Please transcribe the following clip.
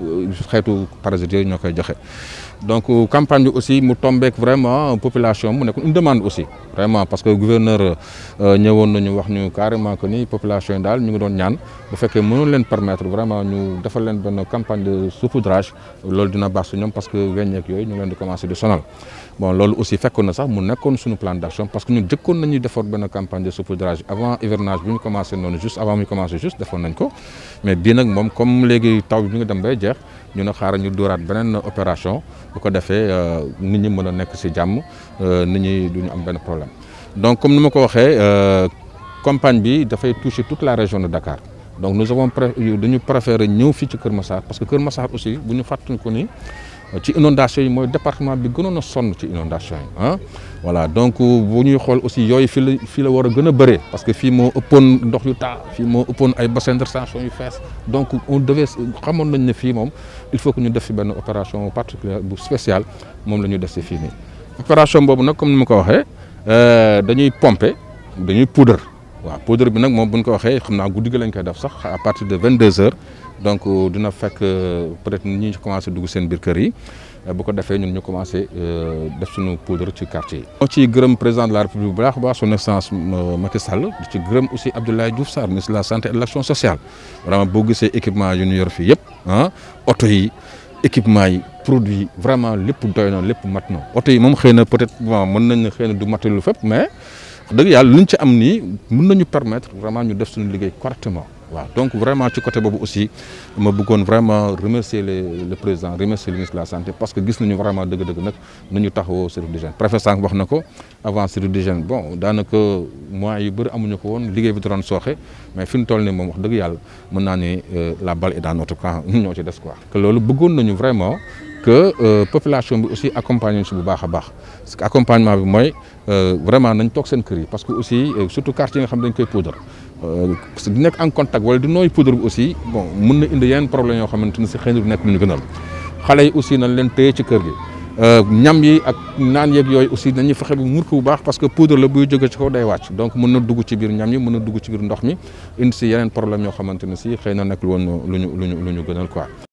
Euh, xeetu parasites yooyu ñoo koy joxe donc euh, campagne bi aussi mu tombeek vraiment population mu nekk une demande aussi vraiment parce que gouverneur euh, ñëwoon nañu wax ñu carrément que ni population yi daal ñu ngi doon ñaan bu fekkee mënoon leen permettre vraiment ñu defal leen benn campagne de saupoudrage loolu dina baax su ñoom parce que weññeek yooyu ñu leen di commencé di sonal bon loolu aussi fekkoon na sax mu nekkoon suñu plan d'action parce que ñu jëkkoon nañu defoon benn campagne de saupoudrage avant hivernage bi ñu commencé noonu juste avant muy commencé juste defoon nañ ko mais bii nag moom comme léegi taw bi mi ngi dem bay jeex ñu ne xaaral ñu dorat benen opération bu ko défé euh, nit ñi mëna a nekk si jàmm euh, nit ñi du am benn problème donc comme ni ma ko waxee euh, campagne bi da fay toucher toute la région de Dakar donc nous avons dañu préférer ñëw fi ci Keur Massar parce que Keur Massar aussi buñu ñu ko ni ci inondation yi département bi gënon na sonn ci inondation yi hein? voilà donc bu ñuy xool aussi yoy fi la fii la wara gëna bëré parce que fi mo ëppoon ndox yu ta fi mo ëppoon ay bassin de rétention yu fess donc on devait xamoon nañ ne fi mom il faut que ñu def si ben opération particulière bu spéciale mom lañu def ci fii opération bobu nak comme ni ma waxé euh dañuy pomper dañuy poudre waaw poudre bi nak mom buñ ko waxé xamna naa lañ koy def sax à partir de 22 heures donc euh, dina fekk euh, peut-être ñi ñu commencé dugg seen biir kër yi euh, bu ko defee ñun ñu commencé def suñu poudre ci quartier yi. ñoo ciy gërëm président de la république bu baax baax son excellence Macky Sall di ci gërëm aussi Abdoulaye Diouf Sarr ministre de la santé et de l'action sociale vraiment boo gisee équipement yu ñu yor fii yëpp ah oto yi équipement yi produit vraiment lépp doy na lépp mat na oto yi moom xëy na peut-être bon mën nañ ne xëy na du matalu fépp mais dëgg yàlla luñ ci am nii mën nañu permettre vraiment ñu def suñu liggéey correctement waaw donc vraiment ci côté boobu aussi ma bëggoon vraiment remercier le président remercier le ministre de la santé parce que gis nañu vraiment dëgg-dëgg nag nu ñu taxawoo service d'hygiène préfet sànq wax na avant service d'hygiène bon daanaka moyens yu bëri amuñu ko woon liggéey bi da doon sooxe mais fi mu toll nii moom wax dëgg yàlla mën naa euh, la balle est dans notre camp ñoo ci des quoi que loolu bëggoon nañu vraiment que euh, population bi aussi accompagné ci bu baax a accompagnement bi mooy euh, vraiment nañ tok seen kër yi parce que aussi euh, surtout quartier nga xam dañ koy poudre di nek en contact wala du noy poudre bi aussi bon mën na indi yenn problème yo xamanteni ci si xëy lu ñu gënal xalé yi aussi nañ leen téye ci kër gi euh ñam yi ak naan yeeg yoy aussi nañu fexe bu murku bu baax parce que poudre la bu jóge ci ko day wacc donc mën na dugg ci biir ñam yi mën na dugg ci biir ndox mi indi ci yeneen problème yo xamanteni ci xeyna xëy na nekk lu woon lu ñu lu gënal quoi